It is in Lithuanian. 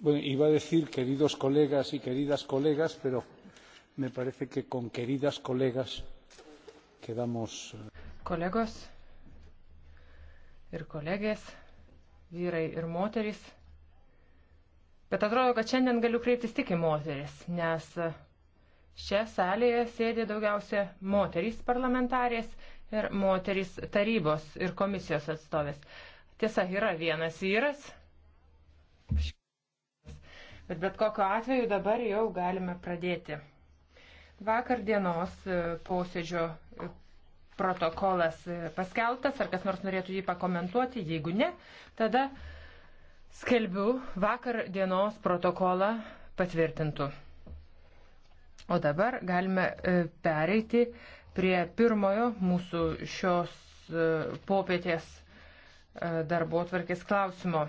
Bueno, iba a decir, queridos colegas y queridas colegas, pero me parece que con queridas colegas quedamos. Eh, Kolegos ir kolegės, vyrai ir moterys. Bet atrodo, kad šiandien galiu kreiptis tik į moteris, nes čia e, salėje sėdi daugiausia moterys parlamentarės ir moterys tarybos ir komisijos atstovės. Tiesa, yra vienas vyras. Bet bet kokiu atveju dabar jau galime pradėti. Vakar dienos e, posėdžio e, protokolas e, paskeltas, ar kas nors norėtų jį pakomentuoti, jeigu ne, tada skelbiu vakar dienos protokolą patvirtintų. O dabar galime pereiti prie pirmojo mūsų šios popietės darbo tvarkės klausimo.